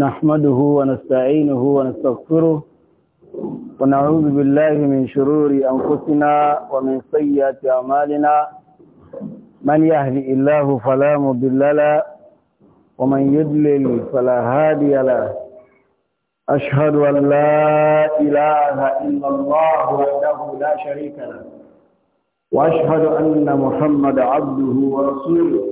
نحمده ونستعينه ونستغفره ونعوذ بالله من شرور أنفسنا ومن سيئات أعمالنا من يهدي الله فلا مضل له ومن يضلل فلا هادي له أشهد أن لا إله إلا الله وحده لا شريك له وأشهد أن محمد عبده ورسوله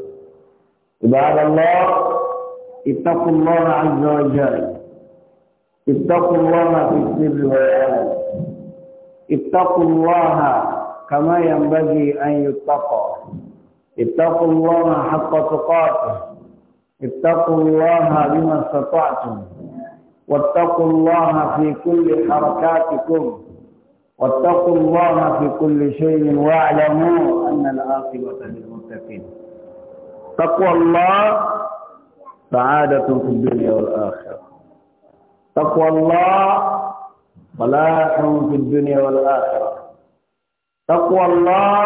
عباد الله اتقوا الله عز وجل اتقوا الله في السر والعلن اتقوا الله كما ينبغي أن يتقى اتقوا الله حق تقاته اتقوا الله بما استطعتم واتقوا الله في كل حركاتكم واتقوا الله في كل شيء واعلموا أن العاقبة للمتقين تقوى الله سعادة في الدنيا والآخرة تقوى الله صلاح في الدنيا والآخرة تقوى الله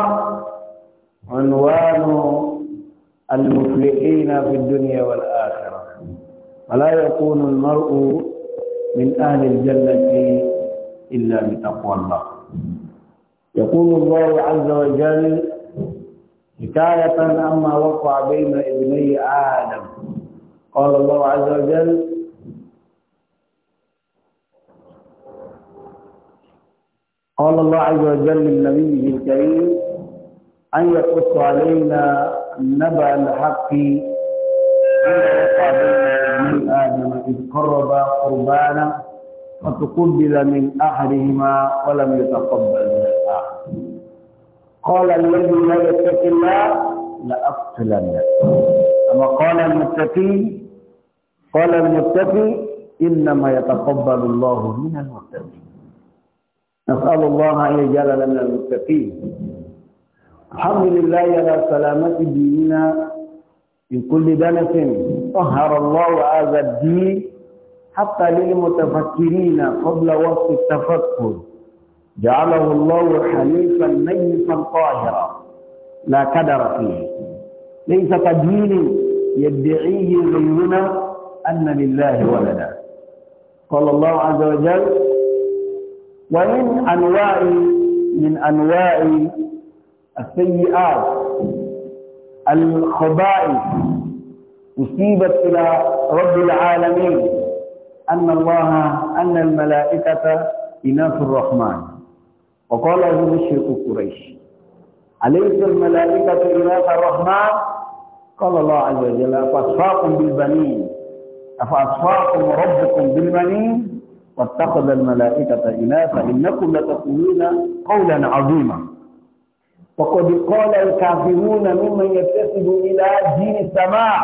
عنوان المفلحين في الدنيا والآخرة فلا يكون المرء من أهل الجنة إلا بتقوى الله يقول الله عز وجل حكاية عما وقع بين ابني آدم قال الله عز وجل قال الله عز وجل للنبي الكريم أن يقص علينا نبأ الحق إلا وقع بين ابني آدم إذ قربا قربانا فتقبل من أحدهما ولم يتقبل قال الذي لا يتقي الله لأقتلنك أما قال المتقي قال المتقي إنما يتقبل الله من المتقين نسأل الله أن يجعل لنا المتقين الحمد لله على سلامة ديننا من كل دنس طهر الله هذا الدين حتى للمتفكرين قبل وقت التفكر جعله الله حنيفا ميتا طاهرا لا كدر فيه ليس تدين يدعيه غيرنا أن لله ولدا قال الله عز وجل ومن أنواع من أنواع السيئات الخبائث أصيبت إلى رب العالمين أن الله أن الملائكة إناث الرحمن وقال له مشرك قريش أليس الملائكة إله الرحمن قال الله عز وجل أفأصفاكم بالبنين أفأصفاكم ربكم بالبنين واتخذ الملائكة إناثا إنكم لتقولون قولا عظيما وقد قال الكافرون ممن يتسب إلى دين السماء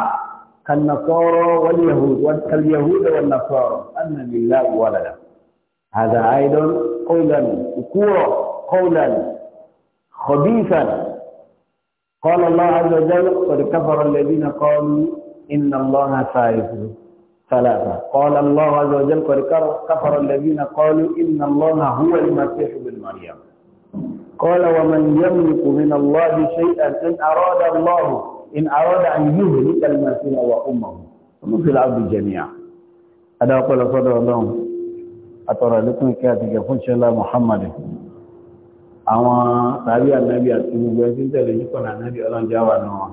كالنصارى واليهود كاليهود والنصارى أن لله ولدا هذا أيضا قولا كورا قولا خبيثا قال الله عز وجل قد كفر الذين قالوا إن الله ثالث ثلاثة قال الله عز وجل قد كفر الذين قالوا إن الله هو المسيح بن مريم قال ومن يملك من الله شيئا إن أراد الله إن أراد أن يهلك المسيح وأمه ونفي العبد جميعا هذا قول صدر الله àtọ̀rọ̀ ìlékún ìkẹ́ àti ìgẹ̀ fún ṣẹlá Muhammad àwọn tàbí ànábì àti gbogbo ẹni tẹ̀lé yíkọ̀nà ànábì ọlọ́njẹ́ wà náà wọn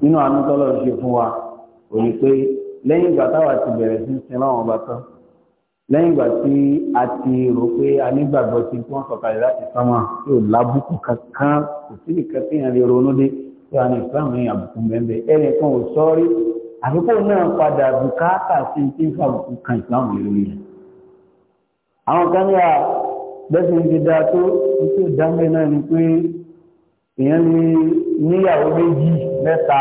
nínú àánú tọ́lọ̀ ṣe fún wa ò ní pé lẹ́yìn ìgbà táwa ti bẹ̀rẹ̀ sí sin láwọn ọba tán lẹ́yìn ìgbà tí a ti rò pé a nígbàgbọ́ sí tí wọ́n sọ̀kalẹ̀ láti sánmà tí ò lábùkù kankan kò sí nìkan tí èèyàn lè ronú dé tí a ní ìsìláàmù yẹn àbùkù àbùkù kan ìsìláàmù àwọn kan ní à bẹ́sẹ̀ ń gida tó tó dámẹ́ náà ni pé èèyàn ní níyàwó méjì mẹ́ta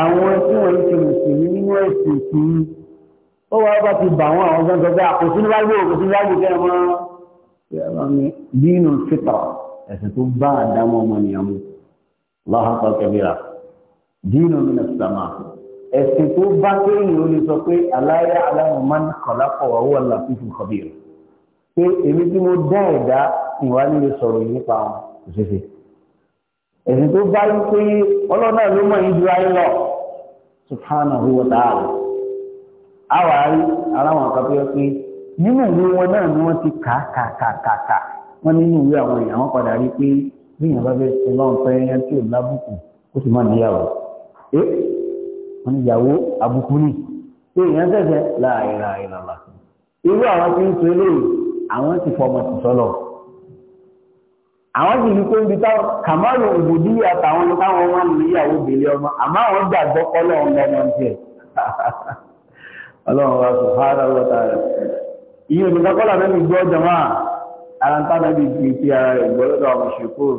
àwọn tí wọ́n ti mùsùlùmí nínú ẹ̀sìn kì í ó wá bá ti bà wọ́n àwọn gbọ́ngàn pé àkóso níwájú òkòtò níwájú kẹ́ wọ́n dínú fìtà ẹ̀sìn tó bá àdámọ́ ọmọnìyàn mu lọ́hàpá kẹbíra dínú mi nà ẹ̀sìn tó bá kéèyàn ó lè sọ pé aláyé aláwọ̀ máa ń kọ̀lá pọ̀ wá wọ́n là fífi kọ̀bí rẹ̀ pé èmi tí mo dá ẹ̀dá ìwà nílé sọ̀rọ̀ yìí nípa wọn kò ṣeé ṣe tó bá ń pé ọlọ́dà ló mọ̀ yín ju ayé lọ subhanahu wa ta'ala àwọn àárí aláwọ̀ àkàtúyọ̀ pé nínú ìwé wọn náà ni wọ́n ti kà kà kà kà kà wọ́n nínú ìwé àwọn èèyàn wọn padà rí pé bí èèyàn bá fẹ́ wọn ìyàwó àbùkù ni pé èèyàn ṣẹ̀ṣẹ̀ láàrin àìrìn àlà irú àwọn tí ń sọ eléyìí àwọn ti fọmọ sí sọlọ àwọn sì ní pé níbi táwọn kàmáàlù òbòdì àtàwọn táwọn wọn ní ìyàwó bèlè ọmọ àmọ́ àwọn gbàgbọ́ kọlọ ọmọ ọmọ tiẹ̀ Ọlọ́run wa sọ fara wọta rẹ iye òmìnira kọlọ náà ní gbọ́ jọmọ ara ń tánà bí fi ti ara rẹ gbọ́ lọ́dọ̀ àwọn ṣèkóòrò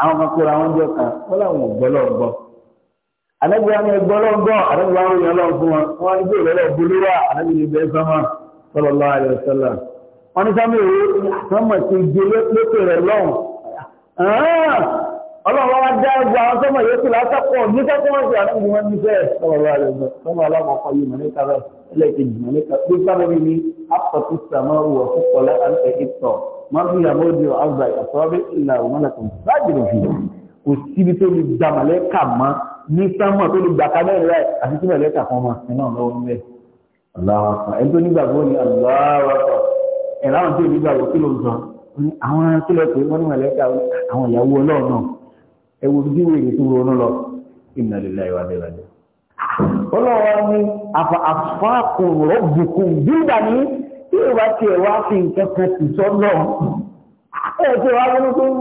àwọn kan kóra wọn jọ kan kọlọ àwọn ògbọlọ gbọ́. Àlẹ́gbẹ̀ àwọn ẹgbẹ́ ọlọ́gbọ́n, àlẹ́gbẹ̀ àwọn èèyàn lọ́n fún wọn, wọ́n ní bí ìrẹ́lẹ̀ ògbólúwà, àlẹ́gbẹ̀ ìgbẹ́ sọ́mọ́, sallallahu alaihi wasallam. Wọ́n ní sọ́mọ́ ìwé sọ́mọ́ ti gbé lókè rẹ̀ lọ́hùn. Ọlọ́run wá dá ẹgbẹ́ àwọn sọ́mọ́ yóò ti látọ́pọ̀ ní sọ́kọ́ wọn sí àlẹ́gbẹ̀ wọn ní sẹ́ẹ̀ sallallahu alaihi wasallam. Sọ́mọ́ alákọ̀ọ́kọ́ yìí mọ̀ níta rẹ̀, ẹlẹ́kejì mọ̀ níta. Bí sábẹ́ mi ní apọ̀tù sàmọ́ wọ̀ fúnpọ̀ lẹ́ ìtọ̀. Mọ́tò ní sámọ̀ tó lè gbàkà lẹ́rẹ̀ rẹ̀ àti tí mẹ̀lẹ́ta kan máa sin náà lọ́wọ́ níbẹ̀ aláwọ̀pọ̀ ẹni tó nígbàgbọ́ ni aláwọ̀pọ̀ ẹ̀ láwọn tó nígbàgbọ́ kí ló ń sọ ní àwọn tó lẹ pé wọ́n ní mẹ̀lẹ́ta àwọn ìyàwó ọlọ́run náà ẹ wo bí wèrè tó ronú lọ inna lillahi wa inna ilayhi raji'un. ọlọ́wọ́ ni àfà àfàkùn rọ̀bùkùn bíbà ní tí ìwà tiẹ̀ wá fi nǹkan kan sì sọ náà ẹ̀ tí wàá ronú pé hmm,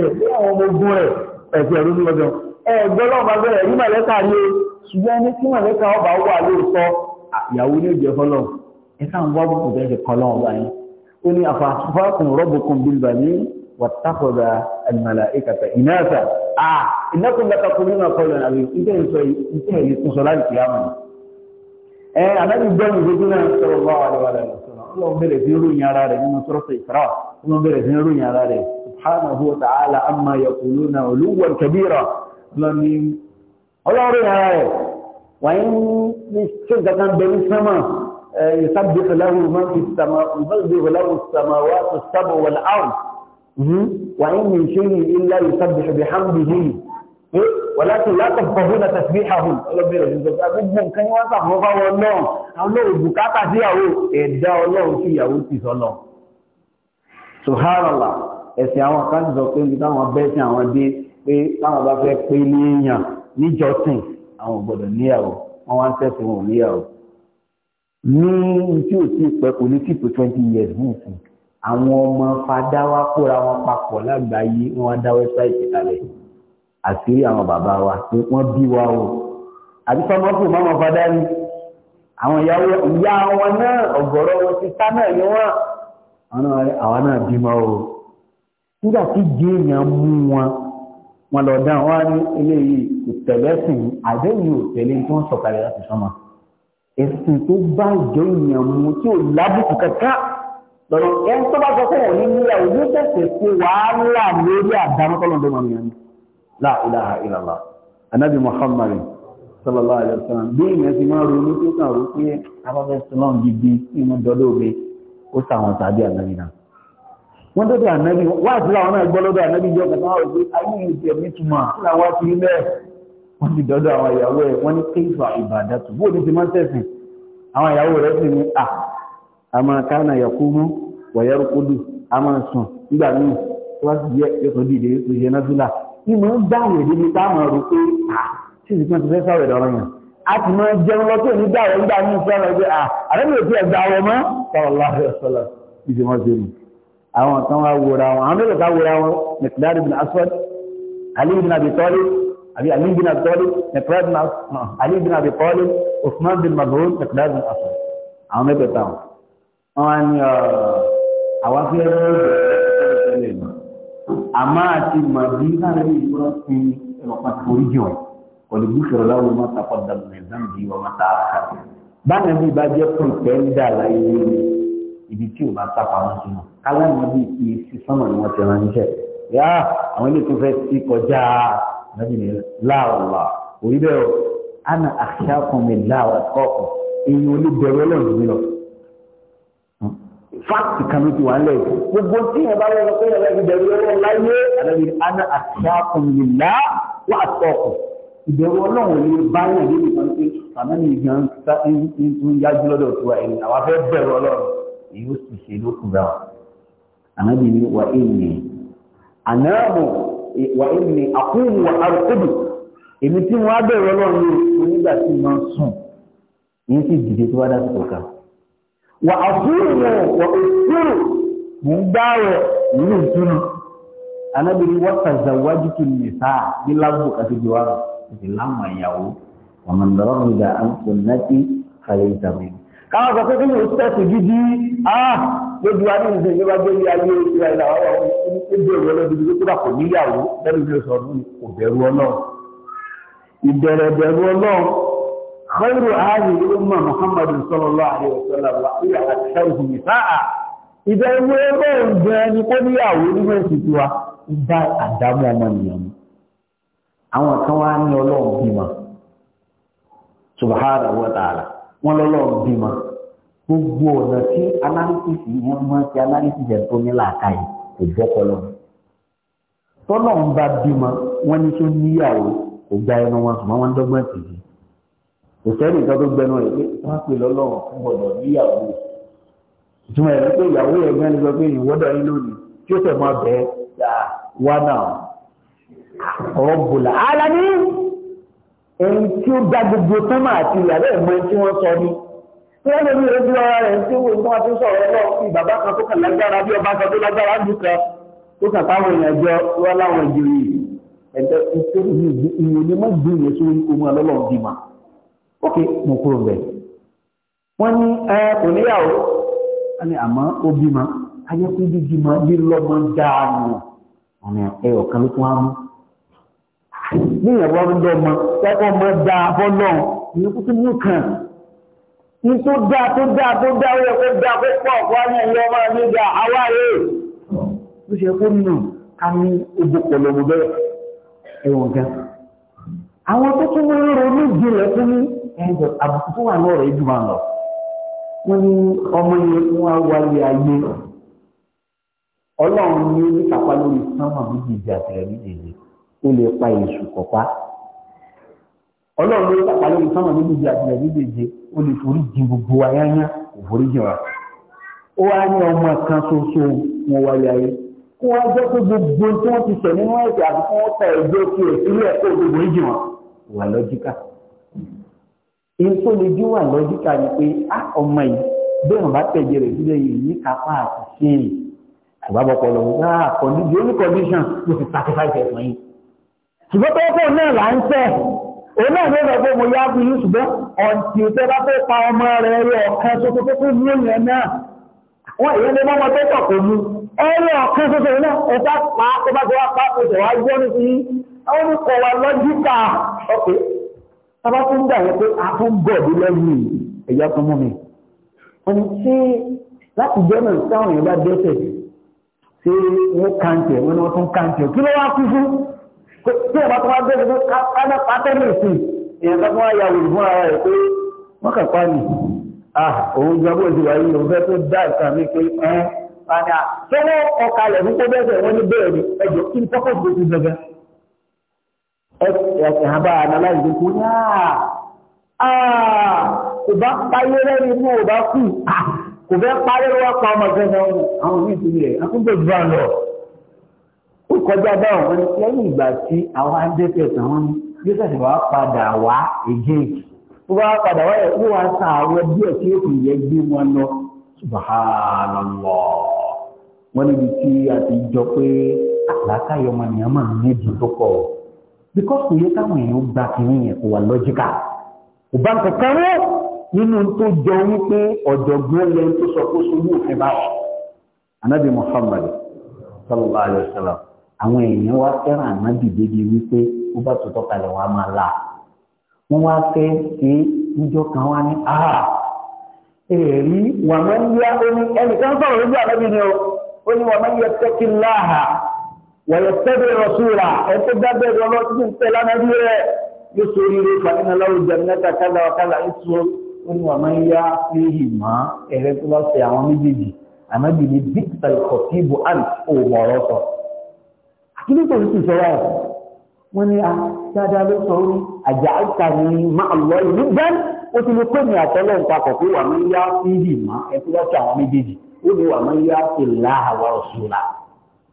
ẹ̀ẹ́dẹ́ àwọn ọmọ ogun rẹ̀ ẹ̀ẹ́dẹ́ ẹ̀gbọ́n náà bá bẹ̀rẹ̀ rí màlẹ́kà ní o ṣùgbọ́n ní tí màlẹ́kà ọba wà lóòótọ́ ìyàwó ní ìjẹ fọlọ́ ẹ sáà ń wá bùkù bẹ́ẹ̀ ṣe kọ́ lọ́wọ́ báyìí ó ní àfàfàkùn rọ́bùkùn bílbà ní wàtàkọ̀dà àlùmàlà ìkàtà ìnáàtà à ìnákùn lákàkùn nínú ọkọlọ àbí ìdẹ́ ìsọ ìtẹ́ ìlú tó sọ láti kìá mọ̀ ẹ anábì gbọ́n ìgbógun náà sọ̀rọ̀ bá wà lọ́wọ́ rẹ̀ ọlọ́run lọ́ní ọlọ́run ara rẹ̀ wàyí ní ṣe ìjọba bẹ̀rù sánmà ìsábẹ̀fẹ̀ láwùrù máa fi sàmà ìsábẹ̀fẹ̀ láwùrù sàmà wà tó sábà wà láwùn wàyí ní ṣe ní ilá ìsábẹ̀fẹ̀ bí hàmdìhì wàlákin látọ̀ fọ́fúnà tàbí àhùn ọlọ́bẹ̀rẹ̀ ìjọba gbogbo nǹkan wọ́n sàfọ́fá wọn náà àwọn olóòrùn bùkátà síyàwó ẹ̀dá ọlọ́run síyàwó ti sọ́nà subhanallah ẹ̀sìn àwọn kan sọ pé nígbà wọn bẹ́ẹ̀ sí àwọn dé pé táwọn bá fẹ́ pé ní èèyàn níjọsìn àwọn gbọ́dọ̀ níyàwó wọ́n wá ń tẹ̀sí wọn níyàwó. ní tí ò tí ì pẹ́ kò ní tí tó twenty years ní ìsìn àwọn ọmọ fadáwá kóra wọn papọ̀ lágbàáyé wọn wá dá wẹ́bsáìtì kalẹ̀ àṣírí àwọn bàbá wa pé wọ́n bí wa o àbí sọmọ fún mọ́mọ́ fadá ni àwọn ìyàwó ìyá wọn náà ọ̀gọ̀rọ̀ wọn ti sá náà ni wọ́n àwọn náà bímọ o nígbà tí jí èèyàn mú wọn wọn lọ dán wọn ní eléyìí kò tẹ̀lé sìn àdéhùn ò tẹ̀lé tó ń sọ̀kalẹ̀ láti sọ́mà ẹ̀sìn tó bá ìjọ èèyàn mu tí ò lábùkù kankan lọ́dọ̀ ẹ̀ tó bá sọ pé wọ́n ní nílẹ̀ òun tẹ̀sẹ̀ pé wàhálà lórí àdáná tọ́lọ̀ tó máa ń yan la anabi muhammad sallallahu alaihi wasallam bí ìyẹn ti máa ronú tó kàn rò pé afẹ́fẹ́ sọlọ́ọ̀ gidi ìmú dọ́dọ̀ òbe ó sàwọn tàbí àgbàyìn náà wọ́n tó dé ànábì wá sí àwọn náà gbọ́ lọ́dọ̀ ànábì jọ kẹta wọ́n pé ayé ìṣe ẹ̀mí túmọ̀ kí làwọn ti rí bẹ́ẹ̀ wọ́n ti dọ́dọ̀ àwọn ìyàwó ẹ̀ wọ́n ní kéfà ìbàdà tó bóòdì ti máa ń tẹ̀sìn àwọn ìyàwó rẹ̀ sì ní à àmọ́ kánà yàkú mú wọ̀yẹ́rù kúdù àmọ́ sùn nígbà míì tó bá sì yẹ ètò dìde ètò ìṣe náfìlà ní mò ń gbà wẹ̀ débi táwọn rò pé à tí ìsìnkú ti fẹ́ sáwẹ̀ dọ̀rọ̀ yẹn a ti máa jẹun lọ tó ní gbà wọ́n gbà ní ìfẹ́ rẹ̀ pé à àrẹ́mi ò tí ẹ̀ gbà wọ́n mọ́ sọ̀rọ̀ láàrẹ̀ sọ̀rọ̀ ìṣèmọ̀ṣẹ́nu àwọn kan wá wòra wọn àwọn mẹ́lẹ̀ ká wòra wọn mẹ́tìláàrí bin aswad ali bin abi talib àbí ali bin abi talib mẹ́tìláàrí bin aswad ah, ali bin abi talib usman bin mazun mẹ́tìláàrí bin aswad àwọn mẹ́tẹ̀ táwọn wọn wá ní ah, àwọn afẹ́ rẹ̀ àmọ́ àti màbí láàrin ìgbọ́n fi ẹ̀rọ̀pàá torí jọ kọ̀lù búṣọ̀rọ̀ láwọn ọmọ máa ta àkàtà báyìí bá jẹ́ pọ̀ ìfẹ́ ń ibi tí ò bá sápamọ́ sí wọn kálámà bíi kí sí sánmà ni wọ́n ti rán níṣẹ́ yá àwọn ilé tó fẹ́ sí kọjá nàbì ní láàlá òyìn bẹ́ẹ̀ o ana àṣàkùn mi láàlá kọ́ọ̀kọ́ èyí ò ní bẹ̀rù ọlọ́run mi lọ. fáàkì kan ló ti wà nílẹ̀ gbogbo tí yẹn bá wọ́n pé ẹ̀rọ ìbẹ̀rù ọlọ́run láyé àdàbí ana àṣàkùn mi lá wà kọ́ọ̀kọ́ ìbẹ̀rù ọlọ́run ní báyà níbi kan pé sàmẹ́nì ìgbà ń yájú lọ́dọ̀ tiwa ẹ̀yìn àwa fẹ́ bẹ̀rù ọlọ́run yóò sì ṣe lókun rẹ̀ wá. Ànábì ni wà ìní. Ànáàbò wà ìní àkóhùn wà àrùkóbì. Èmi tí wọ́n á bẹ̀rẹ̀ ọlọ́run ní onígbà tí wọ́n sùn. Yín sì dìde tó bá dá sọ̀rọ̀ ká. Wà àkóhùn wà òṣùrù mò ń gbá rẹ̀ nínú ìtúnu. Ànábì ni wọ́n tàzàwájú tó lè sá ní lágbo àti ìjọba rẹ̀. Ìdí láwọn ìyàwó. Wàmọ̀ndọ̀rọ̀ mi dà á ń sọ kàlẹ́ ìtàbí káwọn sọ pé kí lóò sẹ́ẹ̀sì gidi áà lójú wa ní ìdè ìjọba gbé ní ayé ìjọba ìlà wà wọ́n ó dé ìwé lọ́dún tó kódà kò níyàwó lẹ́nu ìlú sọ̀rọ̀ ní kò bẹ̀rù ọlọ́run ìbẹ̀rẹ̀ bẹ̀rù ọlọ́run khairu ahli umma muhammadu sallallahu alaihi wasallam wa iya aksaruhu nisaa ìbẹ̀ ìwé ẹgbẹ́ ìjẹ gbogbo ọ̀nà tí analysis yẹn máa ti analysis yẹn tó ní làákà yìí kò bọ́kọlọ. tọ́lọ̀ ń bá bímọ wọ́n ní tó níyàwó kò gba ẹnu wọn ṣùgbọ́n wọ́n ń dọ́gbọ́n tì í. kò sẹ́ni ìkan tó gbẹnu rẹ̀ pé wọ́n pè lọ́lọ́run fún gbọ́dọ̀ níyàwó. ìtumọ̀ ẹ̀rí pé ìyàwó yẹn gbẹ́ni sọ pé ìwọ́dọ̀ yín lónìí tí ó tẹ̀ máa bẹ̀ẹ́ wá náà. ọ̀rọ̀ bùlà alani ẹni tí ó dá gbogbo tó máa ti yàrá ẹ̀ tí wọ́n lè rí ojú ara rẹ̀ tí wọ́n tó wá tó sọ̀rọ̀ lọ sí bàbá kan tó kàn lágbára bí ọba kan tó lágbára ń dúkọ tó kàn táwọn èèyàn jọ wọ́n láwọn ìjòyè ẹ̀jẹ̀ ìṣòro ìyẹn lè má gbé yẹn sórí ohun alọ́lọ́ bímọ ok mo kúrò bẹ̀ wọ́n ní ẹ kò níyàwó wọ́n ní àmọ́ ó bímọ ayé pé bíbímọ bí lọ́mọ dáàmú ọ̀nà ẹ̀ ọ̀kan ní tó dáa tó dáa tó dáa ó yẹ kó dáa kó pọ̀ kó á ní ẹ̀yọ́ máa ní ìgbà àwáyé ó ṣe kó nù ká ní ogbó pọ̀lọ́gbọ̀ bẹ́ẹ̀ ẹ̀wọ̀n gan. àwọn tó tún wọ́n rọ ní ìjìnlẹ̀ fún ní ẹ̀jọ̀ àbùkù tó wà lọ́rọ̀ ìjù máa lọ. wọ́n ní ọmọ yẹn fún wa wáyé ayé ọlọ́run ní kápá lórí sánmà méjèèjì àtẹ̀rẹ̀ méjèèjì ó ọlọ́run ló sàpàlẹ́ òun sáwọn méjèèjì àtìlẹ̀ méjèèjì ó lè forí jìn gbogbo ayáyá kò forí jìn wa ó wá ní ọmọ kan ṣoṣo wọn wáyé ayé kó wá jẹ́ pé gbogbo tí wọ́n ti sẹ̀ nínú ẹ̀sẹ̀ àti kí wọ́n ta ẹ̀jẹ̀ òkè ìpínlẹ̀ kó o ti forí jìn wọn wà lọ́jíkà èyí tó lè dín wà lọ́jíkà ni pé á ọmọ yìí bẹ́ẹ̀ bá tẹ̀jẹ̀ rẹ̀ sílẹ̀ yìí ní kápá àti ṣéèrè àbábọ̀pọ̀ lọ́wọ́ náà kọ́ndíṣàn ṣùgbọ́n tó kọ́ náà là ń tẹ̀ òun náà ló sọ pé mo yá fún yín ṣùgbọ́n ọ̀tí tẹ́ bá fẹ́ pa ọmọ rẹ̀ ẹ̀rọ ọ̀kan ṣoṣo tó kú ní ìyẹn náà wọ́n ìyẹn lè mọ́mọ́ tẹ́tọ̀ kò mú ẹ̀rọ ọ̀kan ṣoṣo náà ẹ̀ta pa tó bá ti wá pa oṣù wá gbọ́ ní sí àwọn olùkọ́ wa lọ́jíkà ọ̀pẹ́ tábà tó ń dà yẹn pé a fún bọ̀dù lẹ́yìn ẹ̀yà tó mú mi wọ́n ní ṣé láti jẹ́ náà táwọn èèyàn bá dẹ́sẹ̀ ṣé wọ́n kàǹtẹ̀ wọ́n ní wọ́n tún kàǹtẹ̀ kí ló wá kú fún tí ẹ̀ bá tó máa bẹ́ẹ̀ tó káná pátẹ́mì sí ìyẹn tó máa yà wòlù ara rẹ̀ pé wọ́n kàn pàmì ah òun jọ bó ti wà yìí òun fẹ́ tó dá nǹkan mi pé ẹ́ pàmì à tó wọ́n ọkàlẹ̀ fún tó bẹ́ẹ̀ wọ́n ní bẹ́ẹ̀ ni ẹjọ́ kí n tọ́kọ̀ tó ti gbẹgbẹ́ ẹ̀sìn àbá analyze kú ní àà kò bá páyé lẹ́nu mú ò bá kú kò fẹ́ páyé lọ́wọ́ pa ọmọ kọjá báwọn wọn lẹ́yìn ìgbà tí àwọn adẹ́tẹ̀ tàn wọn joseph wá padà wá èjì ó wá padà wá ẹ̀kú wá sa àwọn díẹ̀ tí ó fi yẹ gbé wọn lọ subhanallah wọn níbi tí a ti jọ pé àlàkàyọ ọmọ nìyẹn máa ń níbi tó pọ̀ because kò yẹ káwọn èèyàn gba kìíní yẹn kò wà lọ́jíkà kò bá nǹkan kan rẹ̀ nínú tó jọ wípé ọ̀jọ̀gbọ́n lẹ́yìn tó sọ pé sọ wọ́n fẹ́ báwọn anabi muhammad sallallahu alayhi wa sallam àwọn èèyàn wá fẹ́ràn ànábì débi wípé ó bá tó tọ́kalẹ̀ wá máa la wọ́n wá fẹ́ ṣe níjọ́ kan wá ní a èrí wà máa ń yá ó ní ẹnìkan sọ̀rọ̀ lójú ànábì ni o ó ní wà máa ń yẹ tẹ́kí láhà wà yẹ tẹ́bẹ̀ rọ̀ṣúra ẹ tó dábẹ́ ẹ̀rọ lọ́sí tẹ̀ lánàbí rẹ̀ yóò sọ oríire fàtínà láwùjọ jannata kálá kálá ètò ó ní wà fíhì mọ́ ẹ̀rẹ́ tó bá ṣe àwọn méjèèjì ànábì ni bíkítà ìkọ̀tíbù àti òmọ̀rọ̀ sọ̀rọ̀ kí ló tòun sì sọ̀rọ̀ ẹ̀ wọ́n ní ah, dáadáa ló sọ orí àjà àìsà ní máa lọ ìlú bẹ́ẹ̀ ó ti lè pèmí àtọ́lọ́ ìpapọ̀ pé wà máa ń yá fíìdì mọ́ ẹkú lọ́sọ̀ àwọn méjèèjì ó ní wà máa ń yá ìlà àwa ọ̀ṣùnà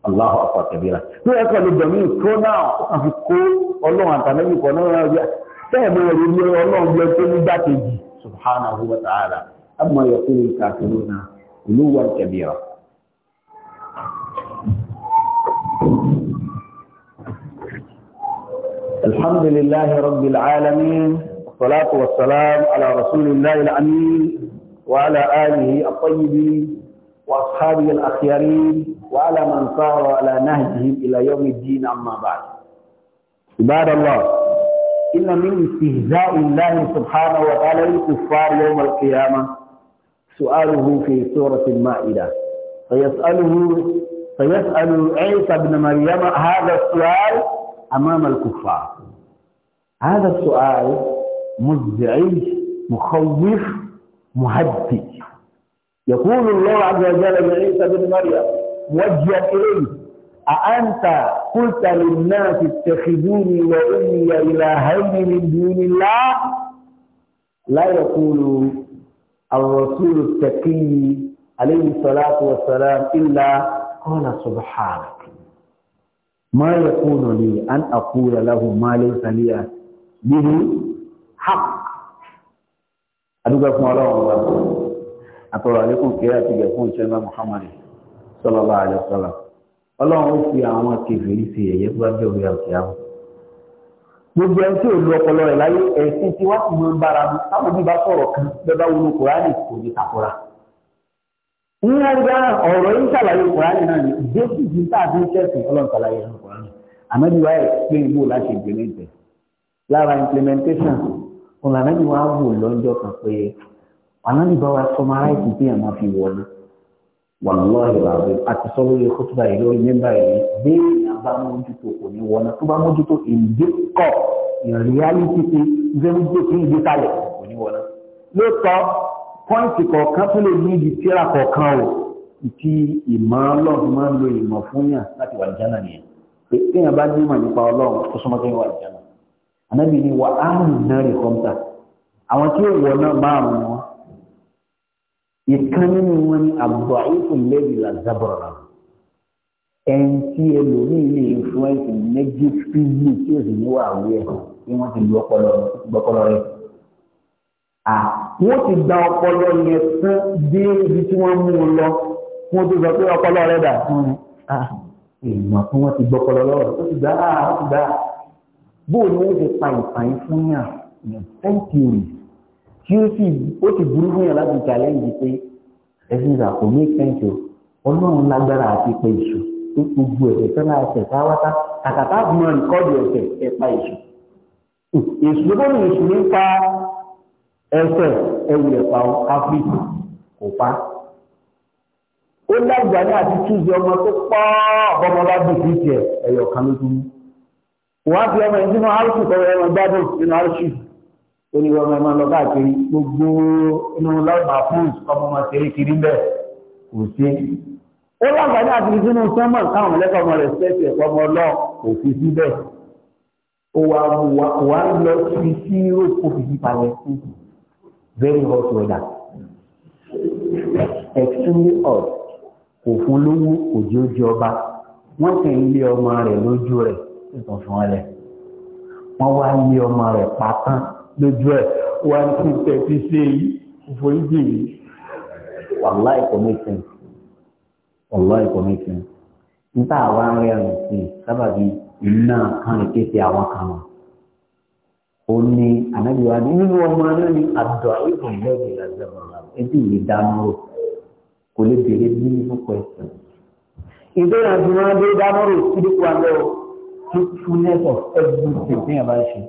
Allahu akbar kabira tó yẹ kọ́ ló dọ̀ kó náà ó kó ọlọ́run àtàlẹ́yìn kan náà rẹ̀ bẹ́ẹ̀ mo rí ní ọlọ́run bí ẹjọ́ nígbà subhanahu wa ta'ala الحمد لله رب العالمين والصلاة والسلام على رسول الله الأمين وعلى آله الطيبين وأصحابه الأخيارين وعلى من صار على نهجهم إلى يوم الدين أما بعد عباد الله إن من استهزاء الله سبحانه وتعالى الكفار يوم القيامة سؤاله في سورة المائدة فيسأله فيسأل عيسى بن مريم هذا السؤال أمام الكفار هذا السؤال مزعج مخوف مهدد يقول الله عز وجل لعيسى بن مريم موجها إليه أأنت قلت للناس اتخذوني وأمي إلهين من دون الله لا يقول الرسول التقي عليه الصلاة والسلام إلا قال سبحانك ma yakunu li an aqula lahu ma laysa li bihi haqq adúgbò fún ọlọ́run wa àtọ̀rọ̀ àlékún kéré àti ìgbẹ̀ fún ìṣẹ́lá muhammad sallallahu alaihi wasallam ọlọ́run ó fi àwọn kèfèrí sí ẹ̀yẹ́ tó bá jẹ́ orí àti àwọn gbogbo ẹni tí ò lu ọpọlọ rẹ̀ láyé ẹ̀sìn tí wọ́n sì máa ń bára mu táwọn bí bá sọ̀rọ̀ kan bẹ́ẹ̀ bá wọnú kùránì kò ní takora wọ́n gba ọ̀rọ̀ yìí ṣàlàyé kùránì náà ni jésù ti tàbí ṣẹ̀sìn ọlọ́run ṣàlàyé ẹ̀rọ kùránì àmọ́bí wa explain bó láti implemented lára implementation òun àmọ́bí wa wò lọ́jọ́ kan pé àmọ́bí bá wa sọ máa ráìtì bí àmọ́ fi wọlé wà lọ́ọ̀rì wà rẹ̀ àti sọ lórí kótóbá yìí lórí mẹ́mbà yìí bẹ́ẹ̀ ni àbá mójútó kò ní wọlé tó bá mójútó ìdíkọ̀ ìrìálítì pé ìgbẹ́ mójútó kì í gbé kalẹ̀ kò ní wọlé lóòótọ́ pọ́ǹtì kọ̀ọ̀kan tó lè ní ibi tíra kọ̀ọ̀kan o ti ìmọ̀ ọlọ́run máa ń lo ìmọ̀ fún yàn láti wà jánà nìyẹn pé téèyàn bá ní ìmọ̀ nípa ọlọ́run tó súnmọ́ téèyàn wà jánà ànábì ni wà á rìn náà rè kọ́ńtà àwọn tí ó wọ̀ náà márùn-ún wọn ìkan nínú wọn ni àbùdó àyíkù lẹ́yìn làzàbọ̀rọ̀ náà ẹni tí ẹlòmíì lè influence negatively tí ó sì tí wọ́n ti lu ọpọlọ rẹ̀ wọ́n ti gba ọpọlọ yẹn fún dé ibi tí wọ́n mú un lọ wọ́n tó sọ pé ọpọlọ rẹ̀ dà fún un èèmọ̀ fún wọn ti gbọ́ ọpọlọ lọ́wọ́ ó ti gbà á ó ti gbà á bóò ni wọ́n ti pa ìpàyín fún yàn yàn tẹ́ǹtìrì tí ó sì ó ti burú fún yàn láti challenge pé ẹ̀sìn ìgbà kò ní ìpẹ́ǹtì o ọlọ́run lágbára àti pé ìṣù tó gbogbo ẹ̀sẹ̀ fẹ́lá ẹ̀sẹ̀ táwátá kàkàtà mọ ìkọ́dù ẹ̀sẹ̀ ẹ̀pa ìṣù èṣù ló bọ́ ẹsẹ̀ ẹwùlẹ̀ pa ọ áfíríkì kò pa. ó lágbàá ní àti túnṣe ọmọ tó pọ̀ bọ́mọ bá bí sí tiẹ̀ ẹ̀yọ̀ kan ló tún mú. wọ́n á fi ọmọ yẹn sínú áṣù kọ́ ẹ̀rọ gbádùn nínú áṣù ó ní ọmọ ẹ̀ máa lọ káàkiri gbogbo inú lọ́ọ̀bà fúùs ọmọ ọmọ tẹ̀lé kiri bẹ́ẹ̀ kò sí. ó lágbàá ní àti sínú sẹ́mọ̀n káwọn ẹlẹ́kọ̀ọ́ ọmọ rẹ̀ sẹ́ẹ̀sì ẹ̀kọ́ ọmọ ọlọ́ọ̀ kò fi síbẹ̀ ó wà wà lọ sí sí rò kó fi sí palẹ̀ fúùsù very hot weather extremely hot kò fún lówó kò jẹ́ ojú ọba wọ́n sì ń lé ọmọ rẹ̀ lójú rẹ̀ tó fún wọn lẹ̀ wọ́n wá lé ọmọ rẹ̀ pátán lójú ẹ̀ wọ́n ti tẹ̀sí sí èyí ìforíjì yìí wàláì kò ní sẹ́ǹ wàláì kò ní sẹ́ǹ níta àwa ń rẹ́rìn sí sábàbí iná kan lè ké àwọn kan wọn òní ànábìwá nínú ọmọ náà ni àdó àìsàn lẹ́yìn ìlàjọba ẹbí yìí dámúrò kò lè béèrè ní púpọ̀ ẹ̀sìn. ìbéèrè àti wọn dé dámúrò sídìkú abẹ́ o tó fullness of everything ní àbá ṣe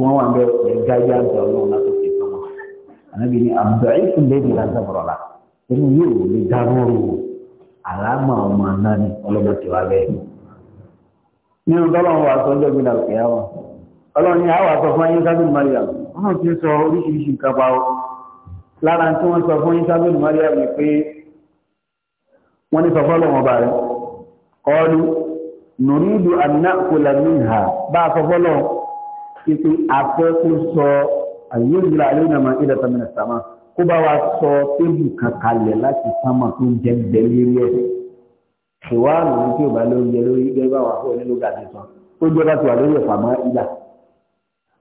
wọn wà bẹ gáyé àgbà ọlọ́run láti fi fún wọn. ànábì ni àdó àìsàn lẹ́yìn ìlàjọba la ẹni yóò lè dámúrò àlámà ọmọ náà ni ọlọ́mọ tiwa bẹ́ẹ̀. nínú tọ́lọ́wọ́ àtọ́jọ́ ọlọ́run ni àwọn àsọ fún ayíṣàbìn Mariam wọ́n ti sọ oríṣiríṣi nǹkan pa ọ́ lára tí wọ́n sọ fún ayíṣàbìn Mariam ni pé wọ́n ní sọ fọ́lọ́wọ́n ọba rẹ̀ kọ́ọ́lù nùrídù ànákùlà níhà bá a sọ fọ́lọ́ ipe afẹ́kù sọ àyíwìlà alẹ́nàmà ilẹ̀ tàmínà sàmà kó bá wa sọ tébù kankalẹ̀ láti sánmà tó jẹ́ gbẹ̀lẹ́rí ẹ̀ ṣèwádìí tí ò bá lórí ẹ lórí wà fún onílùgà tuntun ó jẹ́ bá ti wà lórí ẹ̀fà mọ́ ìlà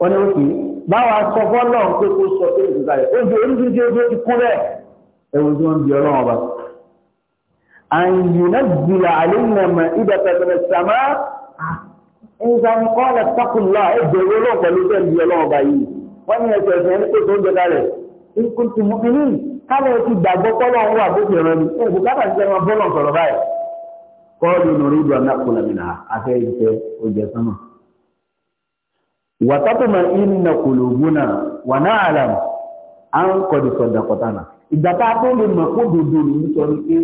wọ́n ní òkè báwa sọ fọ́nà pé kó sọ pé ìgbà rẹ̀ ojú oríṣiríṣi ojú ti kú rẹ̀ ẹ̀rù tí wọ́n ń di ọlọ́run ọba. àyìnbó gbìyà àlẹ́yìnàmọ̀ ìdá pẹ̀lẹ́ sàmá nǹkan kọ́lẹ̀ ẹgbẹ̀rún pẹ̀lú bẹ́ẹ̀ di ọlọ́run ọba yìí wọ́n ní ẹsẹ̀ ẹ̀sẹ̀ ní pèsè tó ń wà bókè ti wàtàtùmọ̀ ìnà kòlògúnà wà náà àlàm à ń kọ̀dù sọ̀dàkọ̀tànà ìgbà tá a tó lè mọ̀ kó dòdò lè ń sọ wípé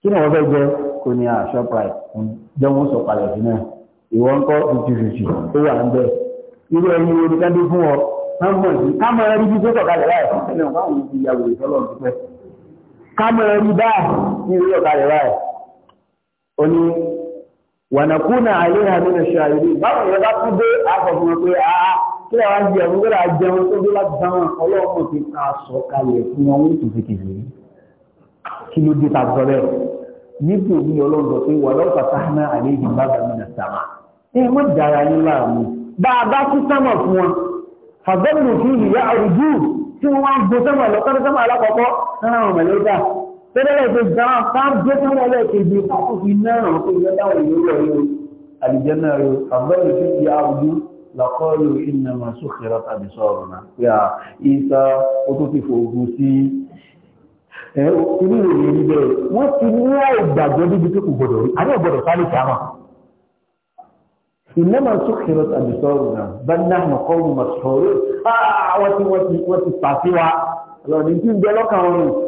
kí ni wọ́n fẹ́ jẹ kò ní àṣọ price jẹ́ wọ́n sọ palẹ̀ sí náà ìwọ ń kọ́ fifty fifty tó wà ń bẹ̀ irú ẹni wo ni ká dé fún ọ ká mọ̀ sí ká mọ̀ ẹni bí tó sọ̀kalẹ̀ láì fún ẹni ọ̀gá òun ti yàgò ìfọlọ́ ká mọ̀ ẹni báà ní orí ọ̀kalẹ̀ láì ó wànàkúnà àìlera nínú ṣàìrí báwọn ìyẹn bá tún dé àfọ̀fún pé a kí àwọn jẹun kí àwọn jẹun tó dé láti dáwọn ọlọ́run ti ká sọ kalẹ̀ fún wọn ní tòkìtìlì kí ló dé ta sọ bẹ́ẹ̀ níbi òbí ọlọ́run sọ pé wà lọ́wọ́ pàtàkì àlẹ́ ìdí bàbá mi nàta mà ẹ mọ́ dára ní láàmú bá a bá tún sámọ̀ fún wọn fàgbẹ́mù fún ìyá àrùjú tí wọ́n wá gbé sámọ̀ lọ́kọ́ tẹ́lẹ̀ tó gbà fáàbù tó wọlé kejì fáàbù fi náà rọ̀ pé ìyá táwọn èèyàn rọ̀ yóò àlìjẹ́nà rẹ̀ àbẹ́rẹ̀ sí ti àwùjú làkọ́lù iná máa sókèrà tàbí sọ̀rọ̀ náà pé à ìta ó tó ti fòògùn sí inú ìròyìn ní bẹ́ẹ̀ wọ́n ti ní àìgbàgbọ́ níbi tó kò gbọdọ̀ rí àbẹ́ gbọdọ̀ sáré kàmà iná máa sókèrà tàbí sọ̀rọ̀ náà bá náà mọ̀kọ́lù mọ̀sọ̀rọ̀ àwọn tí wọ́n ti pàṣẹ wa lọ́nà tí ń bẹ lọ́kàn wọn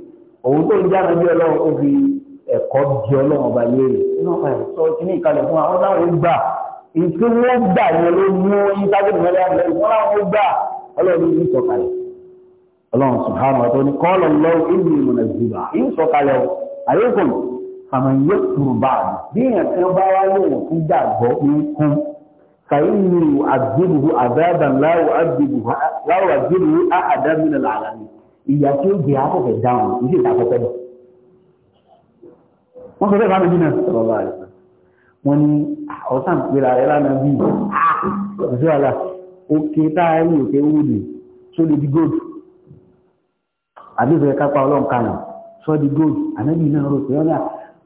òun tó ń já nàbí ọlọ́run ó fi ẹ̀kọ́ di ọlọ́run ọba léèrè inú ẹ̀ sọ kíní ìkàlẹ̀ fún àwọn táwọn ó gbà ìtú wọn gbà yẹn ló mú ìtàgé ìmọ̀lẹ́ àbẹ̀rẹ̀ wọn làwọn ó gbà ọlọ́run ní sọ̀kalẹ̀ ọlọ́run subhanahu wa ta'ala ní kọ́ọ̀lọ̀ lọ́wọ́ ìlú ìmọ̀lẹ́ ìjìbà ń sọ̀kalẹ̀ àyẹ̀kùn àmọ̀ yẹ kúrò báyìí bí bá ìyà tí ó gbé àkọ́kọ́ dáhùn ilé ìtàkọ́kọ́ lọ. wọ́n sọ bẹ́ẹ̀ bá nàbí náà sọ̀rọ̀ bá rẹ̀ wọ́n ní ọ̀sán pèrè ààrẹ lánàá bíi ọ̀sẹ̀ àlà òkè táàrí òkè wúlò tó lè di gold àbífẹ́ kápá ọlọ́run kanà sọ di gold ànábì náà rò pé ọ́nà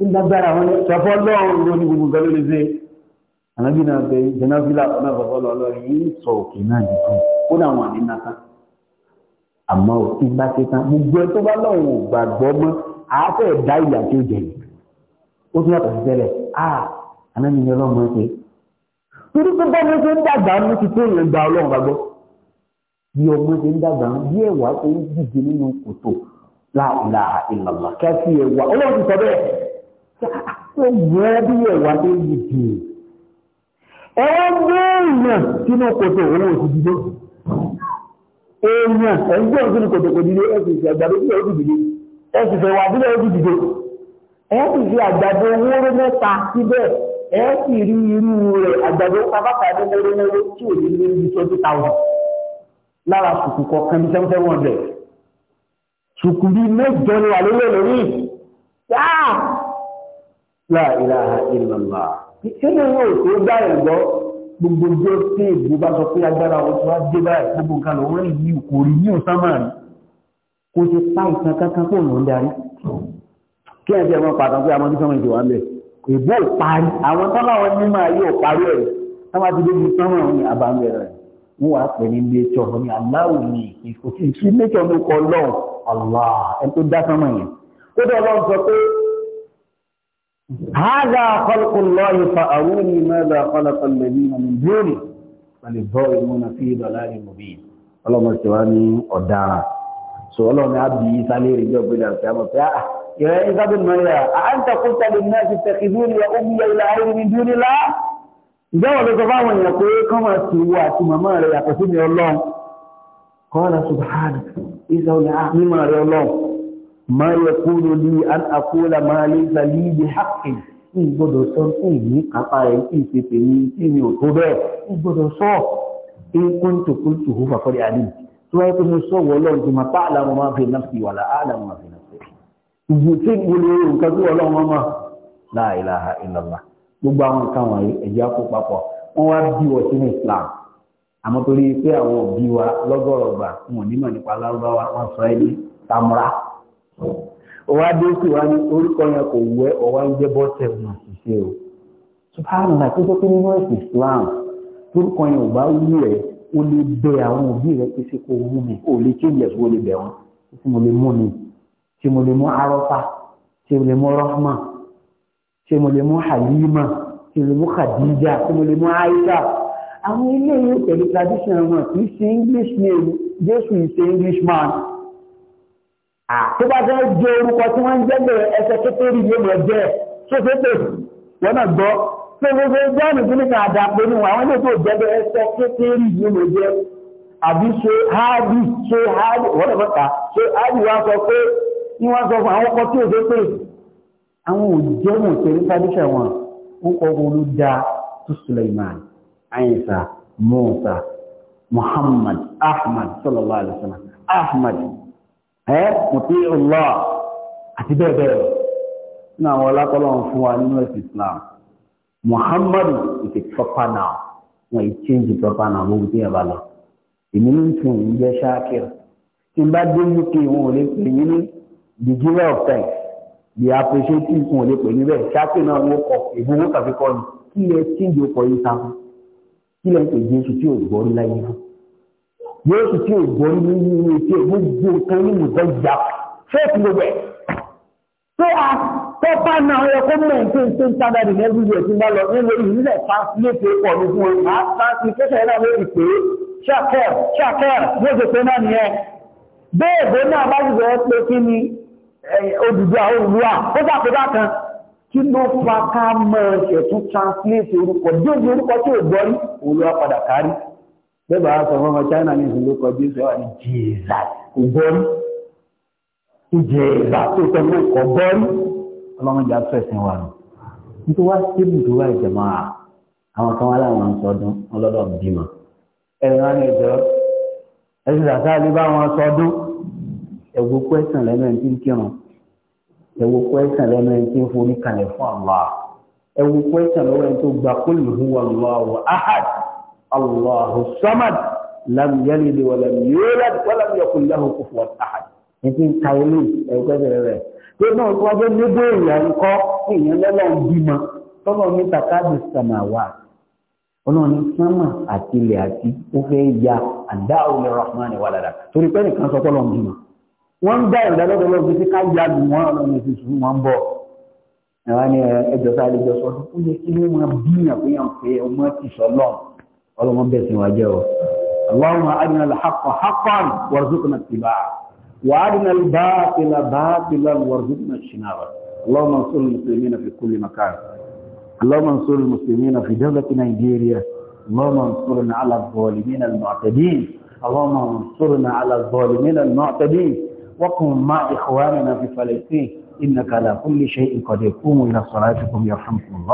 ńlágbára wọn sọfọ́ lọ́rùn ló ní gbogbo gbẹ́lẹ́ lè ànábì náà bẹ jẹ́nàfílà ọ̀nà sọfọ́ àmọ́ òtí bá ṣe tán gbogbo ẹ tó bá lọ́wọ́ gbàgbọ́ mọ́ àáfẹ́ ẹ̀dá ìyà tí ó jẹ yìí ó tún yàtọ̀ sí tẹ́lẹ̀ à ànáni ni ọlọ́mọ ẹ pé torí pé bá wọn ṣe ń dàgbà ní ti tó yẹn gba ọlọ́run gbàgbọ́ bí ọmọ ṣe ń dàgbà bí ẹ̀wà tó ń dìde nínú kòtò láìla ìlànà kẹfì ẹ̀wà ọlọ́run ti sọ bẹ́ẹ̀ ṣe wọ́n bí ẹ̀wà tó ń dìde ẹ̀wọ́n gbé èèyàn sínú kòtò òun ò èèyàn ẹgbẹ́ òsìlú kòtòkò dìde ẹ́sìsì àgbàdo sílẹ̀ òkú dìde ẹ́sìsì ẹ̀wà sílẹ̀ òkú dìde ẹ́sìsì àgbàdo wóró mẹ́ta síbẹ̀ ẹ́sì rí irú rẹ̀ àgbàdo pápákà ní mẹ́rẹ́mẹ́rẹ́ tí ò ní ní ibi twenty thousand lára sùkù kọ̀ọ̀kan ní seven seven hundred sùkù bíi mẹ́jọ ni wà lórí ẹ̀lórí yáà láìláà ìlànà kí ni yóò tó gbá ẹ̀gbọ́ gbogbo jẹ́ pé ìgbò bá sọ pé agbára wọn tó wá dé báyìí gbogbo nǹkan lọ́wọ́ rìn ní kò rí ní ọ̀sánmà rí kò ṣe pa ìtàn kankan tó lọ ń darí kí ẹ̀ jẹ́ wọn pàtàkì pé àwọn ọdún sọ́mọ̀ ìjọba ń bẹ̀ ìbò parí àwọn tọ́lá wọn ní máa yóò parí ẹ̀ sábà ti débi sọ́mọ̀ ní àbámẹ́ rẹ̀ wọ́n wàá pè ní méjọ ní aláwọ̀ ní ìfòsí méjọ ló kọ lọ́ọ̀ هذا خلق الله فأروني ماذا خلق الذين من دونه بل الظالمون في ضلال مبين ọlọ́mọ ìṣèwádìí ọ̀daràn so ọlọ́run á bí sálé ìrìnjọ́ gbéra ọ̀sẹ̀ àmọ́ pé ah ìrẹ́ ìsábẹ̀ mọ́lẹ̀ à á ń takún tàbí náà ti tẹ̀kìdú ní ọmọ ilẹ̀ ayé ní dúró nílá ìjọba ló sọ fáwọn èèyàn pé kọ́ máa ti wo àti màmá rẹ̀ yàtọ̀ sí mi ọlọ́run kọ́ ọ́ lọ sọ bàá ìsọ̀lẹ̀ mímọ́ rẹ̀ ọlọ́run ma yakunu li an aqula ma laysa li bi haqqin ní ìgbọ́dọ̀ sọ sí ìní kápá rẹ̀ tí ìpèpè ní tí mi ò tó bẹ́ẹ̀ ìgbọ́dọ̀ sọ ẹ̀kún tó kún tó hùfà fọ́lẹ̀ àlè tó wáyé pé mo sọ wọ́ lọ́run tó máa tá àlàmù máa fi náà fi wàlà àlàmù máa fi náà fi. ìgbò tí mo lè rò nǹkan tó wọ́ lọ́run máa la ilaha illallah gbogbo àwọn nǹkan wọ̀nyí ẹ̀jẹ̀ á kó papọ̀ wọ́n wá bí wọ́n sínú Islam àmọ́ torí pé àwọn òbí wa lọ́gọ́rọ̀ gbà wọn ò ní mọ̀ nípa lárúbáwá wọn sọ ẹni tamura ọwá dé sí wa ní orúkọ yẹn kò wú ẹ ọwá ń jẹ bọ́tẹ̀ ọ̀nà àṣìṣe o subhanallah tó sọ pé nínú ẹ̀sìn Islam orúkọ yẹn ò bá wú ẹ o lè bẹ àwọn òbí rẹ pé ṣe kò mú mi o lè ṣe ìyẹ̀sùn o lè bẹ̀ wọ́n tí mo lè mú ni tí mo lè mú arọ́fà tí mo lè mú rahma tí mo lè mú halima tí mo lè mú khadija tí mo lè mú aisha àwọn ilé yìí pẹ̀lú tradition wọn kì í ṣe English name Jésù ìṣe Englishman tó bá fẹ́ jẹ orúkọ tí wọ́n ń jẹ́ lè ẹsẹ̀ kékeré yóò mọ̀ jẹ́ tó fẹ́ pè wọ́n náà gbọ́ tó fẹ́ fẹ́ jọ́ọ̀nù tó ní kàdà pé ní wọn àwọn ilé tó jẹ́ bẹ́ ẹsẹ̀ kékeré yóò mọ̀ jẹ́ àbí ṣe háàbì ṣe háàbì wọ́n lè fọ́ta ṣe háàbì wá sọ pé ní wọ́n sọ fún àwọn ọkọ̀ tí ò fẹ́ pè àwọn òjẹ́ mọ̀ pé ní sádíṣẹ̀ wọn ó kọ́ wọn ló da tó Suleiman Ayinsa Musa Muhammad Ahmad sallallahu alaihi wasallam Ahmad ẹ́ mùtí Allah àti bẹ́ẹ̀ bẹ́ẹ̀ ní àwọn ọlákọ́lọ́ fún wa nínú ẹ̀sìn Islam Muhammadu is a proper now wọ́n yìí change proper now gbogbo tí yẹn bá lọ èmi ní tún ń jẹ́ ṣáàkiri tí n bá dé UK wọn ò lè pè mí ní the giver of thanks the appreciative wọn ò lè pè mí bẹ́ẹ̀ ṣáàkiri náà wọ́n kọ ìbúwọ́ kàfi kọ́ ni kí lè change ọkọ̀ yìí sáfún kí lè pè Jésù tí ò gbọ́ láyé fún yéésù tí ò gbọ́ ní ní etí ẹ̀ gbogbo nǹkan ní nǹkan ìjà fẹ́ẹ̀kì gbogbo ẹ̀. tó a tó bá náà ọyọ kó mọ̀ ní tó ń sábà rìn lẹ́rú yẹ̀ tí wọ́n lọ nínú ìrìnlẹ̀ fásilẹ́tì pọ̀ ní fún wọn. màá fásilẹ́ kẹsẹ̀ náà lórí pé ṣàkẹ́ẹ̀ ṣàkẹ́ẹ̀ yóò ṣe pé náà nìyẹn. bẹ́ẹ̀ bó náà bá yìí wọ́n pé kí ni Odùduwà Oòduà ó sàkóbá kan bẹ́ẹ̀ bá sọ fún China ní ìsìn ló kọ bí sọ ní jìzà kò bọ́rí jìzà tó sọ mọ́ kọ bọ́rí ọlọ́mọdé afẹ́sìn wà nù nítorí wá síbù tó wá ìjẹ̀mọ́ à àwọn kan wá láwọn sọdún ọlọ́dọ̀ bímọ ẹ̀rọ wọn lè jọ ẹ̀sìn àti àlè bá wọn sọdún ẹ̀wọ̀ kwẹ́sàn lẹ́mẹ̀ẹ́ tí ń kírun ẹ̀wọ̀ kwẹ́sàn lẹ́mẹ̀ẹ́ tí ń forí fún Allah ẹ̀wọ̀ kwẹ́sàn lọ́wọ́ ẹni tó gba kólù hùwà lọ́wọ́ ahad Allahu Samad lam yalid wa lam yulad wa lam yakun lahu kufuwan ahad nti ka ilé ẹ̀kọ́ ẹ̀rẹ̀ rẹ̀ pé náà tó wájú níbo èèyàn ń kọ́ èèyàn lọ́lọ́run bímọ tọ́lọ́ ní takadù sàmàwà ọlọ́run ní sánmà àti ilẹ̀ àti ó fẹ́ ya àdá òun rahman wà dáadáa torí pé nìkan sọ tọ́lọ́run bímọ wọ́n ń dá ìdálọ́dọ̀ lọ́wọ́ títí ká ya lù wọ́n ọlọ́run ti sùn wọ́n bọ̀ ẹ̀wá ni ẹjọ́ sáré jọ sọ́dún ó yẹ kí ló máa bí ọlọ́mọ bẹ́ẹ̀ sìn اللهم أرنا الحق حقا وارزقنا اتباعه وأرنا الباطل باطلا وارزقنا اجتنابه اللهم انصر المسلمين في كل مكان اللهم انصر المسلمين في دولة نيجيريا اللهم انصرنا على الظالمين المعتدين اللهم انصرنا على الظالمين المعتدين وقم مع إخواننا في فلسطين إنك على كل شيء قد يقوم إلى صلاتكم يرحمكم الله